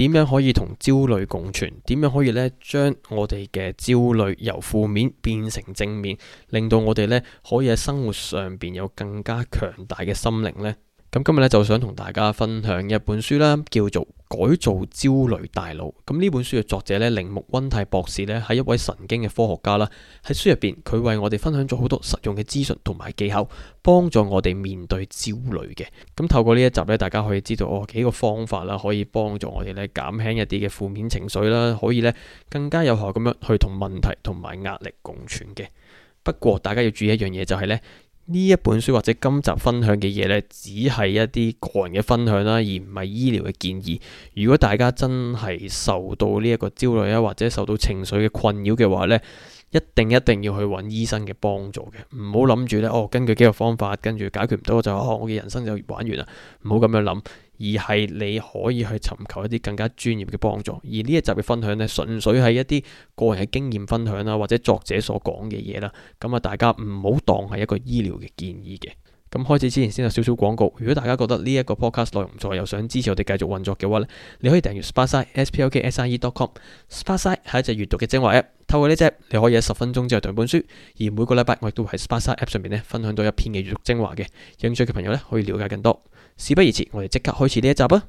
點樣可以同焦慮共存？點樣可以呢將我哋嘅焦慮由負面變成正面，令到我哋呢可以喺生活上邊有更加強大嘅心靈呢？咁今日呢，就想同大家分享一本書啦，叫做，改造焦慮大腦，咁呢本書嘅作者呢，鈴木溫太博士呢，係一位神經嘅科學家啦。喺書入邊，佢為我哋分享咗好多實用嘅資訊同埋技巧，幫助我哋面對焦慮嘅。咁透過呢一集呢，大家可以知道哦幾個方法啦，可以幫助我哋呢減輕一啲嘅負面情緒啦，可以呢更加有效咁樣去同問題同埋壓力共存嘅。不過大家要注意一樣嘢就係呢。呢一本書或者今集分享嘅嘢呢，只係一啲個人嘅分享啦，而唔係醫療嘅建議。如果大家真係受到呢一個焦慮啊，或者受到情緒嘅困擾嘅話呢，一定一定要去揾醫生嘅幫助嘅，唔好諗住呢，哦，根據幾個方法跟住解決唔到就哦，我嘅人生就玩完啦！唔好咁樣諗，而係你可以去尋求一啲更加專業嘅幫助。而呢一集嘅分享呢，純粹係一啲個人嘅經驗分享啦，或者作者所講嘅嘢啦。咁啊，大家唔好當係一個醫療嘅建議嘅。咁開始之前先有少少廣告，如果大家覺得呢一個 podcast 內容唔錯，又想支持我哋繼續運作嘅話咧，你可以訂閱 Sparksine，sparksine.com，Sparksine 係一隻閲讀嘅精華 App。透過呢隻你可以喺十分鐘之內讀本書，而每個禮拜我亦都喺 Sparksine app 上面咧分享到一篇嘅閲讀精華嘅，興趣嘅朋友咧可以了解更多。事不宜遲，我哋即刻開始呢一集啊！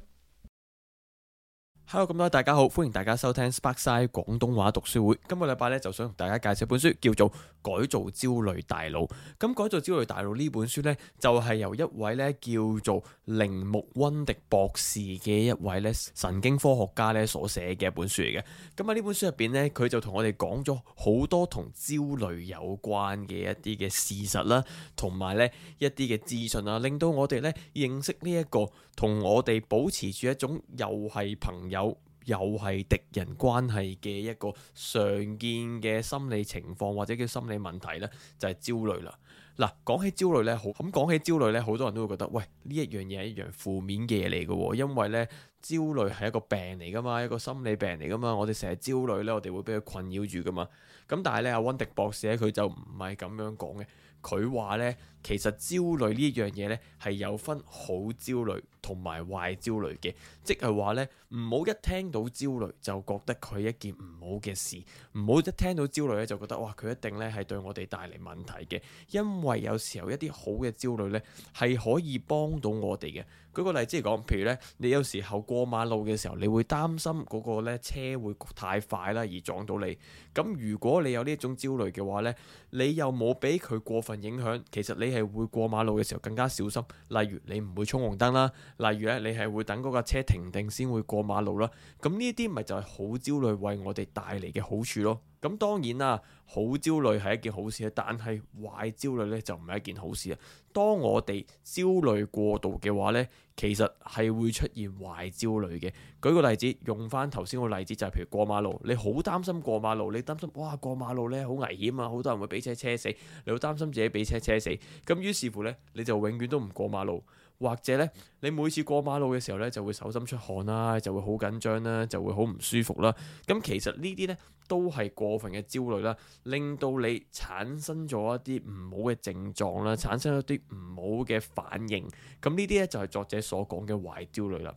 Hello 咁多位，大家好，歡迎大家收聽 Sparksine 廣東話讀書會。今個禮拜咧，就想同大家介紹本書，叫做《改造焦慮大腦》。咁《改造焦慮大腦》呢本書呢，就係、是、由一位咧叫做鈴木溫迪博士嘅一位咧神經科學家咧所寫嘅一本書嚟嘅。咁喺呢本書入邊呢，佢就同我哋講咗好多同焦慮有關嘅一啲嘅事實啦，同埋咧一啲嘅資訊啊，令到我哋咧認識呢、這、一個。同我哋保持住一種又係朋友又係敵人關係嘅一個常見嘅心理情況，或者叫心理問題呢就係焦慮啦。嗱，講起焦慮呢，好咁講起焦慮呢，好多人都會覺得，喂，呢一樣嘢係一樣負面嘅嘢嚟嘅，因為呢，焦慮係一個病嚟噶嘛，一個心理病嚟噶嘛。我哋成日焦慮呢，我哋會俾佢困擾住噶嘛。咁但係呢，阿温迪博士呢，佢就唔係咁樣講嘅，佢話呢。其實焦慮呢一樣嘢呢，係有分好焦慮同埋壞焦慮嘅，即係話呢，唔好一聽到焦慮就覺得佢一件唔好嘅事，唔好一聽到焦慮呢就覺得哇，佢一定呢係對我哋帶嚟問題嘅，因為有時候一啲好嘅焦慮呢，係可以幫到我哋嘅。舉個例子嚟講，譬如呢，你有時候過馬路嘅時候，你會擔心嗰個呢車會太快啦而撞到你，咁如果你有呢種焦慮嘅話呢，你又冇俾佢過分影響，其實你。你係會過馬路嘅時候更加小心，例如你唔會衝紅燈啦，例如咧你係會等嗰架車停定先會過馬路啦。咁呢啲咪就係好焦慮為我哋帶嚟嘅好處咯。咁當然啦，好焦慮係一件好事啊，但係壞焦慮呢就唔係一件好事啊。當我哋焦慮過度嘅話呢，其實係會出現壞焦慮嘅。舉個例子，用翻頭先個例子，就係譬如過馬路，你好擔心過馬路，你擔心哇過馬路呢好危險啊，好多人會俾車車死，你好擔心自己俾車車死，咁於是乎呢，你就永遠都唔過馬路。或者咧，你每次過馬路嘅時候咧，就會手心出汗啦，就會好緊張啦，就會好唔舒服啦。咁其實呢啲咧都係過分嘅焦慮啦，令到你產生咗一啲唔好嘅症狀啦，產生一啲唔好嘅反應。咁呢啲咧就係作者所講嘅壞焦慮啦。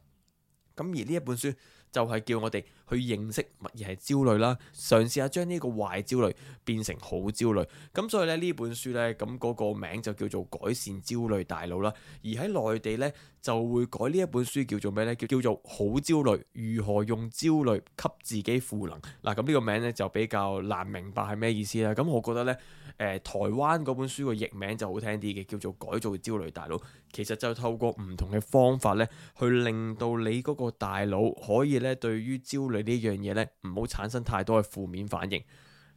咁而呢一本書就係叫我哋，去認識乜嘢係焦慮啦。嘗試下將呢個壞焦慮變成好焦慮。咁所以咧呢本書呢，咁嗰個名就叫做改善焦慮大腦啦。而喺內地呢，就會改呢一本書叫做咩呢？叫叫做好焦慮，如何用焦慮給自己賦能嗱？咁呢個名呢，就比較難明白係咩意思啦。咁我覺得呢，誒、呃、台灣嗰本書嘅譯名就好聽啲嘅，叫做改造焦慮大腦。其實就透過唔同嘅方法呢，去令到你嗰個大腦可以呢對於焦。我呢樣嘢呢，唔好產生太多嘅負面反應。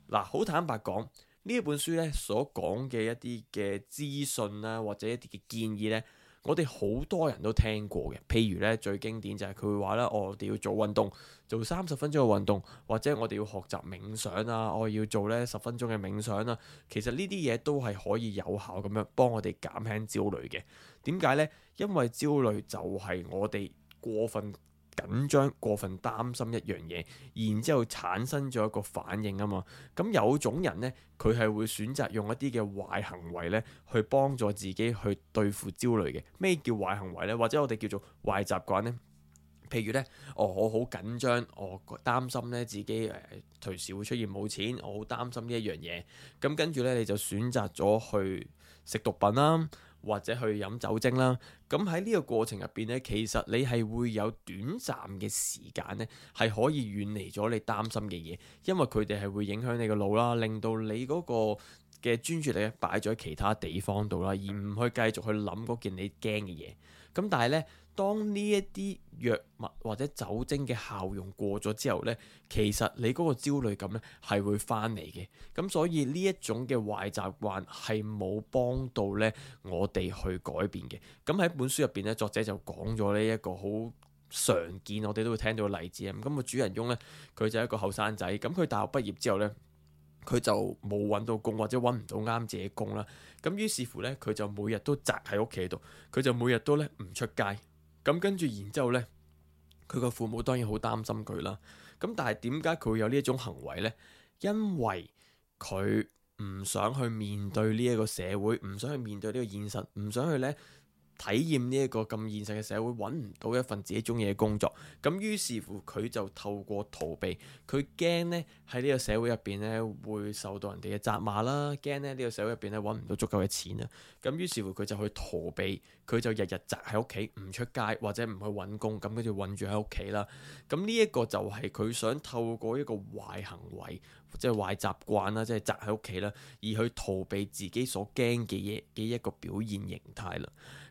嗱，好坦白講，呢一本書呢所講嘅一啲嘅資訊啦，或者一啲嘅建議呢，我哋好多人都聽過嘅。譬如呢，最經典就係佢話呢：「我哋要做運動，做三十分鐘嘅運動，或者我哋要學習冥想啊，我要做呢十分鐘嘅冥想啊。」其實呢啲嘢都係可以有效咁樣幫我哋減輕焦慮嘅。點解呢？因為焦慮就係我哋過分。緊張，過分擔心一樣嘢，然之後產生咗一個反應啊嘛。咁有種人呢，佢係會選擇用一啲嘅壞行為呢去幫助自己去對付焦慮嘅。咩叫壞行為呢？或者我哋叫做壞習慣呢？譬如呢，我好緊張，我擔心呢自己誒呃、隨時會出現冇錢，我好擔心呢一樣嘢。咁跟住呢，你就選擇咗去食毒品啦。或者去飲酒精啦，咁喺呢個過程入邊呢，其實你係會有短暫嘅時間呢，係可以遠離咗你擔心嘅嘢，因為佢哋係會影響你個腦啦，令到你嗰個嘅專注力擺咗喺其他地方度啦，而唔去繼續去諗嗰件你驚嘅嘢。咁但係咧，當呢一啲藥物或者酒精嘅效用過咗之後呢，其實你嗰個焦慮感咧係會翻嚟嘅。咁所以呢一種嘅壞習慣係冇幫到呢我哋去改變嘅。咁喺本書入邊呢，作者就講咗呢一個好常見，我哋都會聽到嘅例子啊。咁個主人翁呢，佢就係一個後生仔。咁佢大學畢業之後呢，佢就冇揾到工或者揾唔到啱自己工啦。咁於是乎咧，佢就每日都宅喺屋企度，佢就每日都咧唔出街。咁跟住，然之後咧，佢個父母當然好擔心佢啦。咁但係點解佢會有呢一種行為咧？因為佢唔想去面對呢一個社會，唔想去面對呢個現實，唔想去咧。體驗呢一個咁現實嘅社會，揾唔到一份自己中意嘅工作，咁於是乎佢就透過逃避，佢驚呢喺呢個社會入邊呢會受到人哋嘅責罵啦，驚呢呢個社會入邊揾唔到足夠嘅錢啊，咁於是乎佢就去逃避，佢就日日宅喺屋企，唔出街或者唔去揾工，咁跟住困住喺屋企啦。咁呢一個就係佢想透過一個壞行為，即係壞習慣啦，即係宅喺屋企啦，而去逃避自己所驚嘅嘢嘅一個表現形態啦。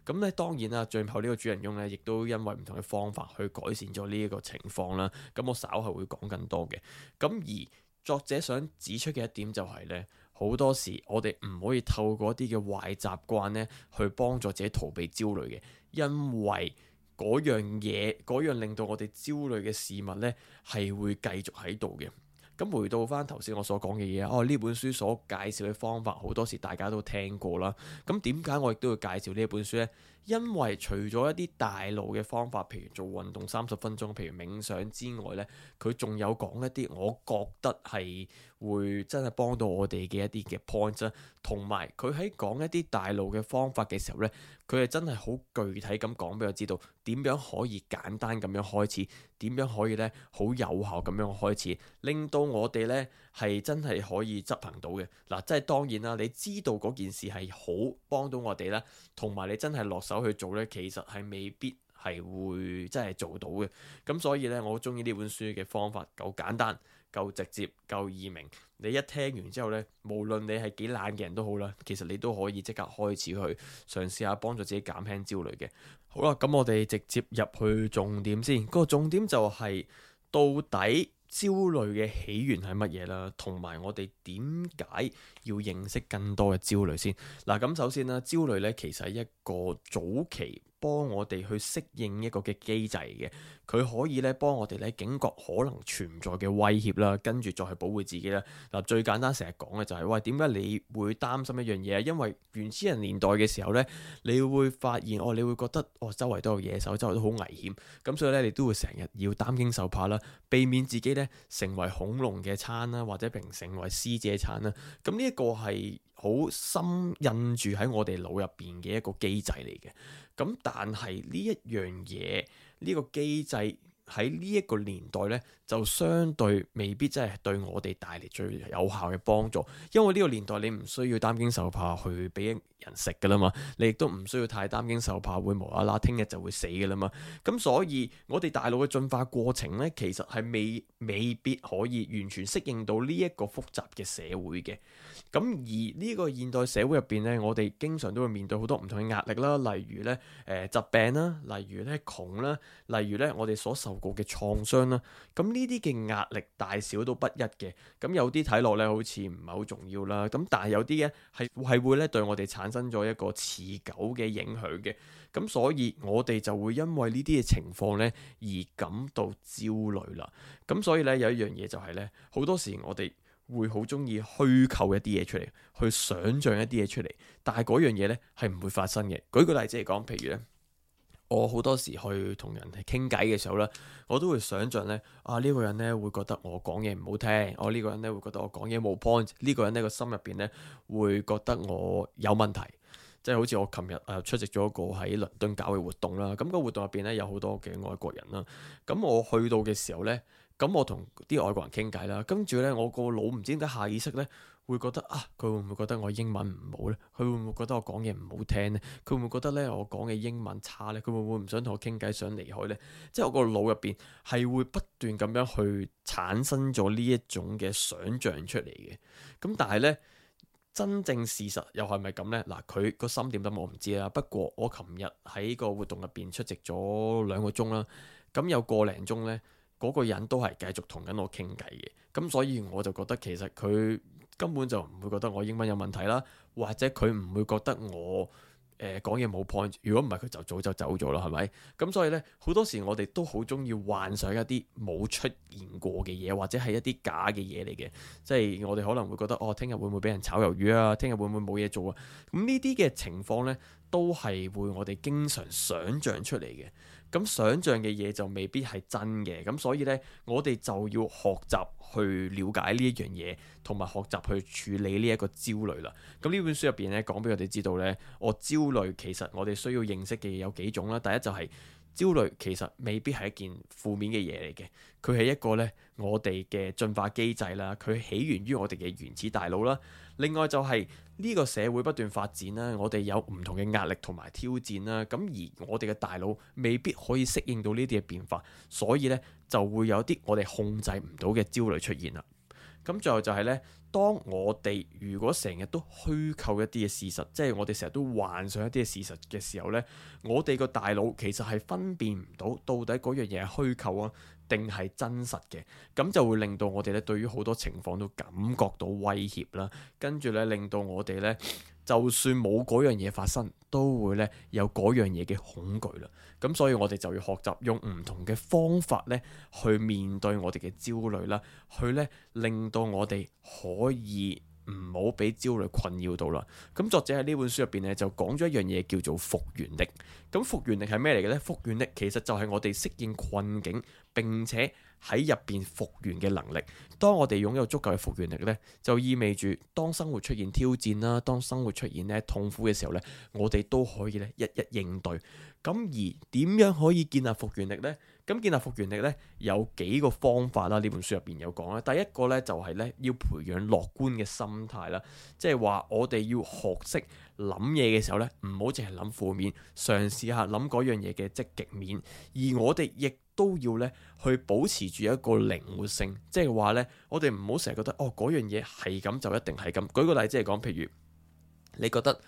咁咧，當然啦，最後呢個主人翁咧，亦都因為唔同嘅方法去改善咗呢一個情況啦。咁我稍後會講更多嘅。咁而作者想指出嘅一點就係、是、咧，好多時我哋唔可以透過一啲嘅壞習慣咧，去幫助自己逃避焦慮嘅，因為嗰樣嘢嗰樣令到我哋焦慮嘅事物咧，係會繼續喺度嘅。咁回到翻頭先我所講嘅嘢，哦，呢本書所介紹嘅方法好多時大家都聽過啦，咁點解我亦都會介紹呢一本書呢？因為除咗一啲大腦嘅方法，譬如做運動三十分鐘，譬如冥想之外呢，佢仲有講一啲我覺得係會真係幫到我哋嘅一啲嘅 point，同埋佢喺講一啲大腦嘅方法嘅時候呢，佢係真係好具體咁講俾我知道點樣可以簡單咁樣開始，點樣可以呢好有效咁樣開始，令到我哋呢，係真係可以執行到嘅嗱，即、啊、係當然啦。你知道嗰件事係好幫到我哋啦，同埋你真係落手去做呢，其實係未必係會真係做到嘅。咁所以呢，我中意呢本書嘅方法夠簡單、夠直接、夠易明。你一聽完之後呢，無論你係幾懶嘅人都好啦，其實你都可以即刻開始去嘗試下幫助自己減輕焦慮嘅。好啦，咁我哋直接入去重點先。個重點就係、是、到底。焦慮嘅起源係乜嘢呢？同埋我哋點解要認識更多嘅焦慮先？嗱，咁首先啦，焦慮呢其實係一個早期。幫我哋去適應一個嘅機制嘅，佢可以咧幫我哋咧警覺可能存在嘅威脅啦，跟住再去保護自己啦。嗱，最簡單成日講嘅就係喂，點解你會擔心一樣嘢？因為原始人年代嘅時候咧，你會發現哦，你會覺得哦，周圍都有野獸，周圍都好危險，咁所以咧你都會成日要擔驚受怕啦，避免自己咧成為恐龍嘅餐啦，或者平成為獅子嘅餐啦。咁呢一個係好深印住喺我哋腦入邊嘅一個機制嚟嘅。咁但係呢一樣嘢，呢個機制喺呢一個年代呢，就相對未必真係對我哋帶嚟最有效嘅幫助，因為呢個年代你唔需要擔驚受怕去俾人食噶啦嘛，你亦都唔需要太擔驚受怕會無啦啦聽日就會死噶啦嘛，咁所以我哋大腦嘅進化過程呢，其實係未未必可以完全適應到呢一個複雜嘅社會嘅。咁而呢個現代社會入邊呢，我哋經常都會面對好多唔同嘅壓力啦，例如呢、呃、疾病啦，例如呢窮啦，例如呢我哋所受過嘅創傷啦。咁呢啲嘅壓力大小都不一嘅。咁有啲睇落呢，好似唔係好重要啦。咁但係有啲呢係係會呢對我哋產生咗一個持久嘅影響嘅。咁所以我哋就會因為呢啲嘅情況呢而感到焦慮啦。咁所以呢，有一樣嘢就係呢好多時我哋，會好中意虛構一啲嘢出嚟，去想象一啲嘢出嚟，但係嗰樣嘢呢係唔會發生嘅。舉個例子嚟講，譬如呢，我好多時去同人哋傾偈嘅時候呢，我都會想象呢，啊呢個人呢會覺得我講嘢唔好聽，我呢個人呢會覺得我講嘢冇 point，呢個人呢個心入邊呢會覺得我有問題，即係好似我琴日啊出席咗一個喺倫敦搞嘅活動啦，咁個活動入邊呢，有好多嘅外國人啦，咁我去到嘅時候呢。咁我同啲外國人傾偈啦，跟住呢，我個腦唔知點解下意識呢，會覺得啊，佢會唔會覺得我英文唔好呢？佢會唔會覺得我講嘢唔好聽呢？佢會唔會覺得呢，我講嘅英文差呢？佢會唔會唔想同我傾偈，想離開呢？即係我個腦入邊係會不斷咁樣去產生咗呢一種嘅想像出嚟嘅。咁但係呢，真正事實又係咪咁呢？嗱，佢個心點諗我唔知啦。不過我琴日喺個活動入邊出席咗兩個鐘啦，咁有個零鐘呢。嗰個人都係繼續同緊我傾偈嘅，咁所以我就覺得其實佢根本就唔會覺得我英文有問題啦，或者佢唔會覺得我誒講嘢冇 point。如果唔係，佢就早就走咗啦，係咪？咁所以呢，好多時我哋都好中意幻想一啲冇出現過嘅嘢，或者係一啲假嘅嘢嚟嘅，即係我哋可能會覺得哦，聽日會唔會俾人炒魷魚啊？聽日會唔會冇嘢做啊？咁呢啲嘅情況呢。都係會我哋經常想像出嚟嘅，咁想像嘅嘢就未必係真嘅，咁所以呢，我哋就要學習去了解呢一樣嘢，同埋學習去處理呢一個焦慮啦。咁呢本書入邊呢，講俾我哋知道呢，我焦慮其實我哋需要認識嘅嘢有幾種啦。第一就係焦慮其實未必係一件負面嘅嘢嚟嘅，佢係一個呢，我哋嘅進化機制啦，佢起源於我哋嘅原始大腦啦。另外就係呢個社會不斷發展啦，我哋有唔同嘅壓力同埋挑戰啦，咁而我哋嘅大腦未必可以適應到呢啲嘅變化，所以呢就會有啲我哋控制唔到嘅焦慮出現啦。咁最後就係呢，當我哋如果成日都虛構一啲嘅事實，即係我哋成日都幻想一啲嘅事實嘅時候呢，我哋個大腦其實係分辨唔到到底嗰樣嘢係虛構啊，定係真實嘅，咁就會令到我哋咧對於好多情況都感覺到威脅啦，跟住咧令到我哋咧就算冇嗰樣嘢發生，都會咧有嗰樣嘢嘅恐懼啦。咁所以我哋就要學習用唔同嘅方法咧去面對我哋嘅焦慮啦，去咧令到我哋可以。唔好俾焦慮困擾到啦。咁作者喺呢本書入邊咧就講咗一樣嘢叫做復原力。咁復原力係咩嚟嘅呢？復原力其實就係我哋適應困境並且喺入邊復原嘅能力。當我哋擁有足夠嘅復原力呢，就意味住當生活出現挑戰啦，當生活出現咧痛苦嘅時候呢，我哋都可以咧一一應對。咁而點樣可以建立復原力呢？咁建立復原力呢，有幾個方法啦。呢本書入邊有講啦。第一個呢，就係呢，要培養樂觀嘅心態啦。即係話我哋要學識諗嘢嘅時候呢，唔好淨係諗負面，嘗試下諗嗰樣嘢嘅積極面。而我哋亦都要呢，去保持住一個靈活性，即係話呢，我哋唔好成日覺得哦嗰樣嘢係咁就一定係咁。舉個例即係講，譬如你覺得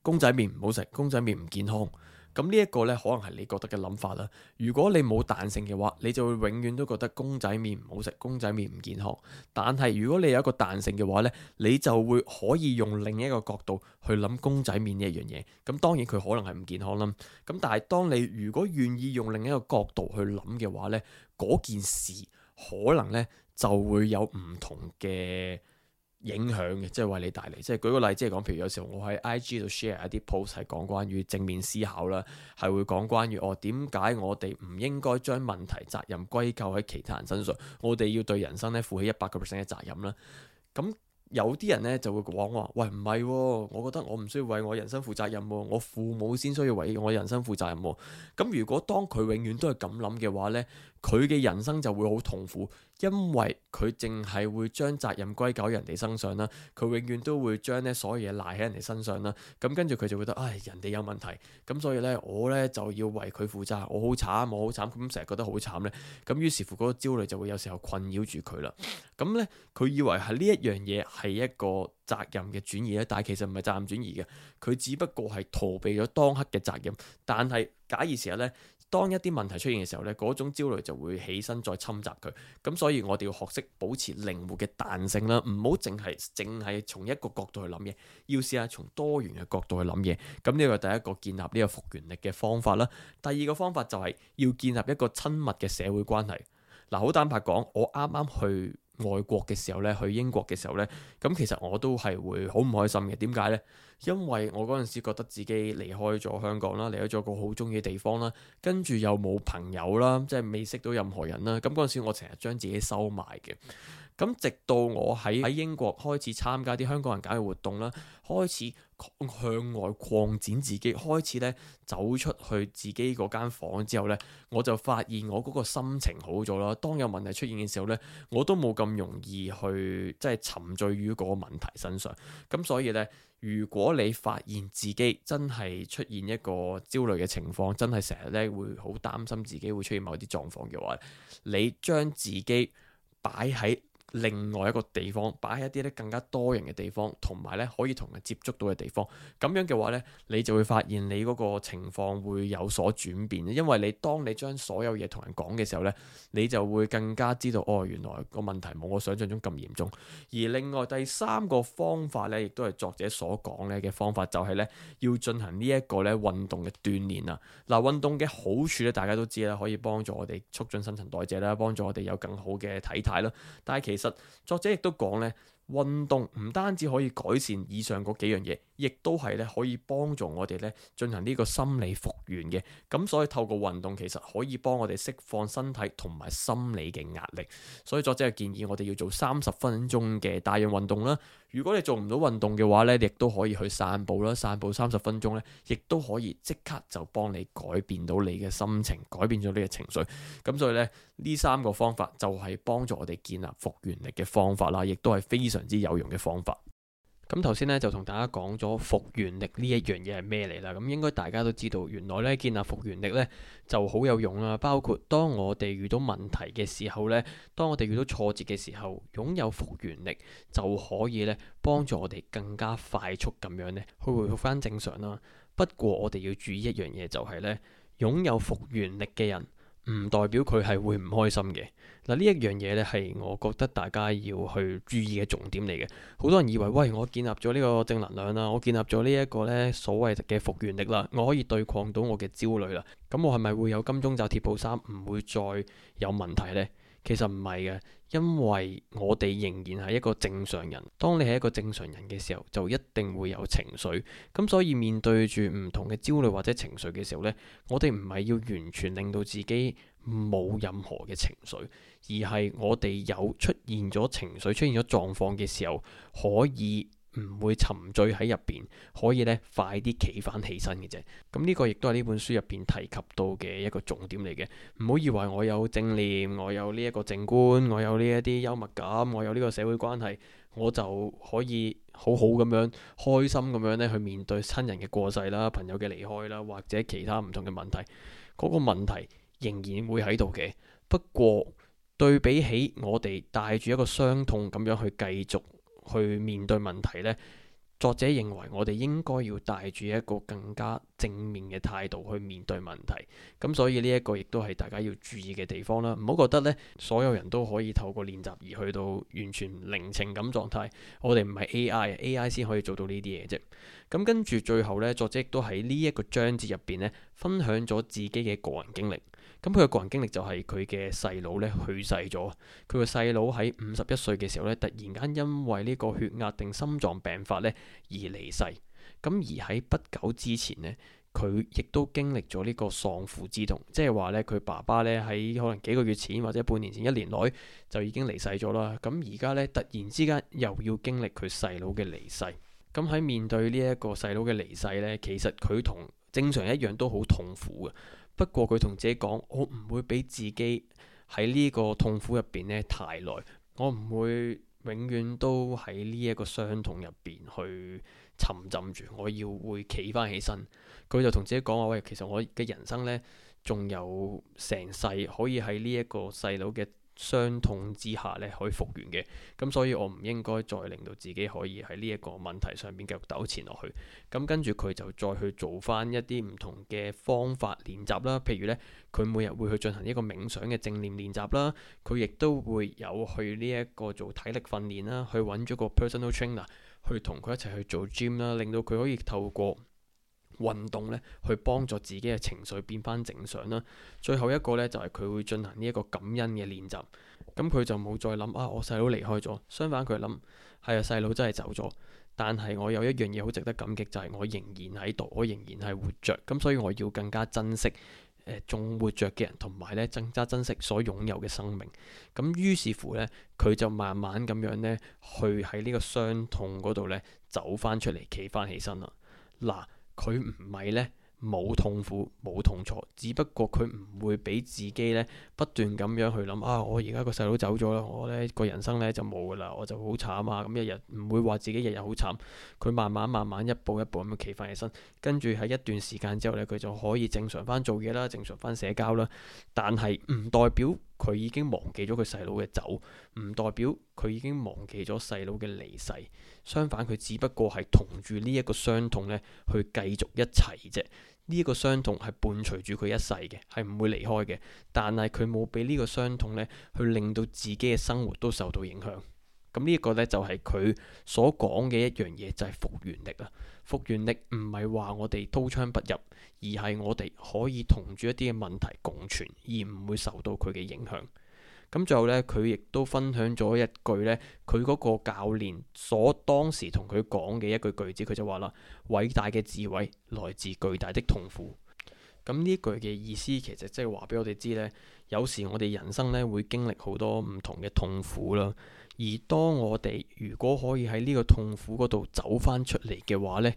公仔麵唔好食，公仔麵唔健康。咁呢一個呢，可能係你覺得嘅諗法啦。如果你冇彈性嘅話，你就會永遠都覺得公仔麵唔好食，公仔麵唔健康。但係如果你有一個彈性嘅話呢，你就會可以用另一個角度去諗公仔麵呢一樣嘢。咁當然佢可能係唔健康啦。咁但係當你如果願意用另一個角度去諗嘅話呢，嗰件事可能呢就會有唔同嘅。影響嘅，即係為你帶嚟。即係舉個例，即係講，譬如有時候我喺 IG 度 share 一啲 post 係講關於正面思考啦，係會講關於哦，點解我哋唔應該將問題責任歸咎喺其他人身上，我哋要對人生咧負起一百個 percent 嘅責任啦。咁有啲人咧就會講我話：喂，唔係喎，我覺得我唔需要為我人生負責任喎，我父母先需要為我人生負責任喎。咁如果當佢永遠都係咁諗嘅話咧？佢嘅人生就會好痛苦，因為佢淨係會將責任歸咎人哋身上啦。佢永遠都會將咧所有嘢賴喺人哋身上啦。咁跟住佢就會覺得唉、哎、人哋有問題，咁所以呢，我呢就要為佢負責。我好慘，我好慘，咁成日覺得好慘呢。咁於是乎嗰個焦慮就會有時候困擾住佢啦。咁、嗯、呢，佢以為係呢一樣嘢係一個責任嘅轉移呢，但係其實唔係責任轉移嘅，佢只不過係逃避咗當刻嘅責任。但係假以時日呢。當一啲問題出現嘅時候，呢嗰種焦慮就會起身再侵襲佢。咁所以我哋要學識保持靈活嘅彈性啦，唔好淨係淨係從一個角度去諗嘢，要試下從多元嘅角度去諗嘢。咁呢個第一個建立呢個復原力嘅方法啦。第二個方法就係要建立一個親密嘅社會關係。嗱，好坦白講，我啱啱去外國嘅時候呢，去英國嘅時候呢，咁其實我都係會好唔開心嘅。點解呢？因為我嗰陣時覺得自己離開咗香港啦，離開咗個好中意嘅地方啦，跟住又冇朋友啦，即係未識到任何人啦。咁嗰陣時我成日將自己收埋嘅。咁直到我喺喺英國開始參加啲香港人搞嘅活動啦，開始向外擴展自己，開始咧走出去自己嗰間房之後咧，我就發現我嗰個心情好咗啦。當有問題出現嘅時候咧，我都冇咁容易去即係沉醉於嗰個問題身上。咁所以咧，如果你發現自己真係出現一個焦慮嘅情況，真係成日咧會好擔心自己會出現某啲狀況嘅話，你將自己擺喺另外一個地方，擺喺一啲咧更加多人嘅地方，同埋咧可以同人接觸到嘅地方，咁樣嘅話咧，你就會發現你嗰個情況會有所轉變，因為你當你將所有嘢同人講嘅時候咧，你就會更加知道哦，原來個問題冇我想象中咁嚴重。而另外第三個方法咧，亦都係作者所講咧嘅方法，就係、是、咧要進行呢一個咧運動嘅鍛煉啊！嗱、呃，運動嘅好處咧，大家都知啦，可以幫助我哋促進新陳代謝啦，幫助我哋有更好嘅體態啦。但係其實，作者亦都講咧。運動唔單止可以改善以上嗰幾樣嘢，亦都係咧可以幫助我哋咧進行呢個心理復原嘅。咁所以透過運動，其實可以幫我哋釋放身體同埋心理嘅壓力。所以作者係建議我哋要做三十分鐘嘅帶氧運動啦。如果你做唔到運動嘅話咧，亦都可以去散步啦。散步三十分鐘咧，亦都可以即刻就幫你改變到你嘅心情，改變咗你嘅情緒。咁所以咧呢三個方法就係幫助我哋建立復原力嘅方法啦，亦都係非。非常之有用嘅方法。咁頭先咧就同大家講咗復原力呢一樣嘢係咩嚟啦？咁應該大家都知道，原來咧建立復原力咧就好有用啦、啊。包括當我哋遇到問題嘅時候咧，當我哋遇到挫折嘅時候，擁有復原力就可以咧幫助我哋更加快速咁樣咧去回復翻正常啦。不過我哋要注意一樣嘢就係、是、咧，擁有復原力嘅人。唔代表佢係會唔開心嘅。嗱，呢一樣嘢咧係我覺得大家要去注意嘅重點嚟嘅。好多人以為喂我建立咗呢個正能量啦，我建立咗呢一個呢所謂嘅復原力啦，我可以對抗到我嘅焦慮啦，咁我係咪會有金鐘罩鐵布衫唔會再有問題呢？其實唔係嘅。因為我哋仍然係一個正常人，當你係一個正常人嘅時候，就一定會有情緒。咁所以面對住唔同嘅焦慮或者情緒嘅時候呢，我哋唔係要完全令到自己冇任何嘅情緒，而係我哋有出現咗情緒、出現咗狀況嘅時候，可以，唔會沉醉喺入邊，可以呢快啲企返起身嘅啫。咁、這、呢個亦都係呢本書入邊提及到嘅一個重點嚟嘅。唔好以為我有正念，我有呢一個靜觀，我有呢一啲幽默感，我有呢個社會關係，我就可以好好咁樣開心咁樣咧去面對親人嘅過世啦、朋友嘅離開啦，或者其他唔同嘅問題。嗰、那個問題仍然會喺度嘅。不過對比起我哋帶住一個傷痛咁樣去繼續。去面對問題呢，作者認為我哋應該要帶住一個更加正面嘅態度去面對問題。咁所以呢一個亦都係大家要注意嘅地方啦。唔好覺得呢，所有人都可以透過練習而去到完全零情感狀態。我哋唔係 AI，AI 先可以做到呢啲嘢啫。咁跟住最後呢，作者亦都喺呢一個章節入邊呢，分享咗自己嘅個人經歷。咁佢嘅個人經歷就係佢嘅細佬咧去世咗，佢個細佬喺五十一歲嘅時候咧，突然間因為呢個血壓定心臟病發咧而離世。咁而喺不久之前呢，佢亦都經歷咗呢個喪父之痛，即係話咧佢爸爸咧喺可能幾個月前或者半年前一年內就已經離世咗啦。咁而家咧突然之間又要經歷佢細佬嘅離世。咁喺面對呢一個細佬嘅離世咧，其實佢同正常一樣都好痛苦嘅。不過佢同自己講，我唔會俾自己喺呢個痛苦入邊咧太耐，我唔會永遠都喺呢一個傷痛入邊去沉浸住，我要會企翻起身。佢就同自己講話喂，其實我嘅人生呢，仲有成世可以喺呢一個細佬嘅。傷痛之下咧可以復原嘅，咁所以我唔應該再令到自己可以喺呢一個問題上面繼續糾纏落去。咁跟住佢就再去做翻一啲唔同嘅方法練習啦，譬如呢，佢每日會去進行一個冥想嘅正念練習啦，佢亦都會有去呢一個做體力訓練啦，去揾咗個 personal trainer 去同佢一齊去做 gym 啦，令到佢可以透過。運動咧，去幫助自己嘅情緒變翻正常啦。最後一個咧，就係、是、佢會進行呢一個感恩嘅練習。咁佢就冇再諗啊，我細佬離開咗。相反，佢諗係啊，細佬真係走咗。但係我有一樣嘢好值得感激，就係、是、我仍然喺度，我仍然係活着。咁所以我要更加珍惜仲、呃、活着嘅人同埋咧，更加珍惜所擁有嘅生命。咁於是乎咧，佢就慢慢咁樣咧，去喺呢個傷痛嗰度咧，走翻出嚟，企翻起身啦。嗱。佢唔係呢，冇痛苦，冇痛楚，只不過佢唔會俾自己呢，不斷咁樣去諗啊！我而家個細佬走咗啦，我呢個人生呢就冇噶啦，我就好慘啊！咁日日唔會話自己日日好慘，佢慢慢慢慢一步一步咁企翻起身，跟住喺一段時間之後呢，佢就可以正常翻做嘢啦，正常翻社交啦，但係唔代表。佢已經忘記咗佢細佬嘅走，唔代表佢已經忘記咗細佬嘅離世。相反，佢只不過係同住呢一個傷痛咧，去繼續一齊啫。呢個傷痛係伴隨住佢一世嘅，係唔會離開嘅。但係佢冇俾呢個傷痛咧，去令到自己嘅生活都受到影響。咁呢個呢就係佢所講嘅一樣嘢，就係復原力啦。復原力唔係話我哋刀槍不入，而係我哋可以同住一啲嘅問題共存，而唔會受到佢嘅影響。咁最後呢，佢亦都分享咗一句呢，佢嗰個教練所當時同佢講嘅一句句子，佢就話啦：偉大嘅智慧來自巨大的痛苦。咁、嗯、呢句嘅意思，其實即係話俾我哋知呢，有時我哋人生呢，會經歷好多唔同嘅痛苦啦。而當我哋如果可以喺呢個痛苦嗰度走翻出嚟嘅話呢，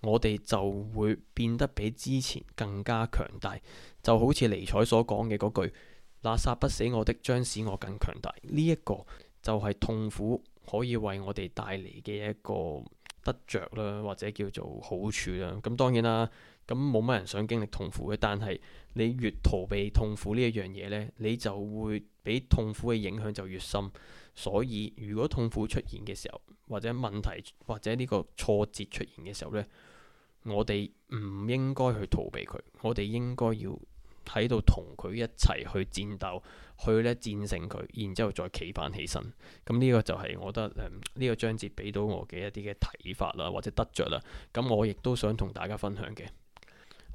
我哋就會變得比之前更加強大，就好似尼采所講嘅嗰句：，那殺不死我的，將使我更強大。呢、這、一個就係痛苦可以為我哋帶嚟嘅一個得着啦，或者叫做好處啦。咁當然啦。咁冇乜人想經歷痛苦嘅，但係你越逃避痛苦呢一樣嘢呢，你就會俾痛苦嘅影響就越深。所以如果痛苦出現嘅時候，或者問題或者呢個挫折出現嘅時候呢，我哋唔應該去逃避佢，我哋應該要喺度同佢一齊去戰鬥，去咧戰勝佢，然之後再企返起身。咁、嗯、呢個就係我覺得呢，嗯，呢個章節俾到我嘅一啲嘅睇法啦，或者得着啦。咁、嗯、我亦都想同大家分享嘅。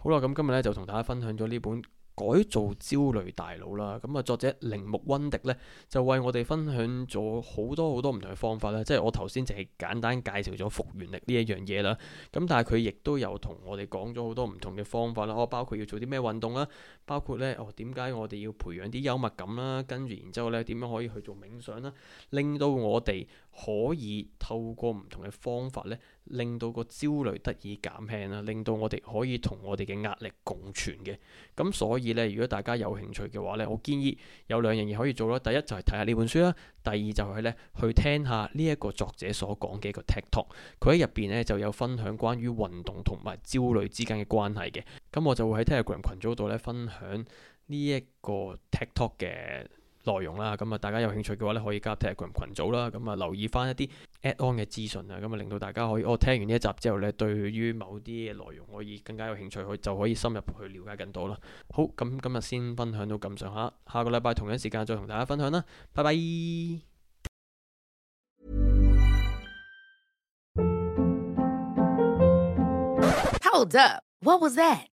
好啦，咁今日咧就同大家分享咗呢本《改造焦慮大腦》啦。咁啊，作者鈴木温迪咧就為我哋分享咗好多好多唔同嘅方法啦。即係我頭先淨係簡單介紹咗復原力呢一樣嘢啦。咁但係佢亦都有同我哋講咗好多唔同嘅方法啦。哦，包括要做啲咩運動啦，包括咧哦，點解我哋要培養啲幽默感啦，跟住然之後咧點樣可以去做冥想啦，令到我哋。可以透過唔同嘅方法咧，令到個焦慮得以減輕啦，令到我哋可以同我哋嘅壓力共存嘅。咁所以咧，如果大家有興趣嘅話咧，我建議有兩樣嘢可以做咯。第一就係睇下呢本書啦，第二就係咧去聽下呢一個作者所講嘅一個 TED Talk。佢喺入邊咧就有分享關於運動同埋焦慮之間嘅關係嘅。咁我就會喺 Telegram 群組度咧分享呢一個 TED Talk 嘅。內容啦，咁啊大家有興趣嘅話咧，可以加入 Telegram 群組啦，咁啊留意返一啲 at on 嘅資訊啊，咁啊令到大家可以哦，聽完呢一集之後咧，對於某啲嘅內容可以更加有興趣去，就可以深入去了解更多啦。好，咁今日先分享到咁上下，下個禮拜同樣時間再同大家分享啦，拜拜。Hold up! What was that?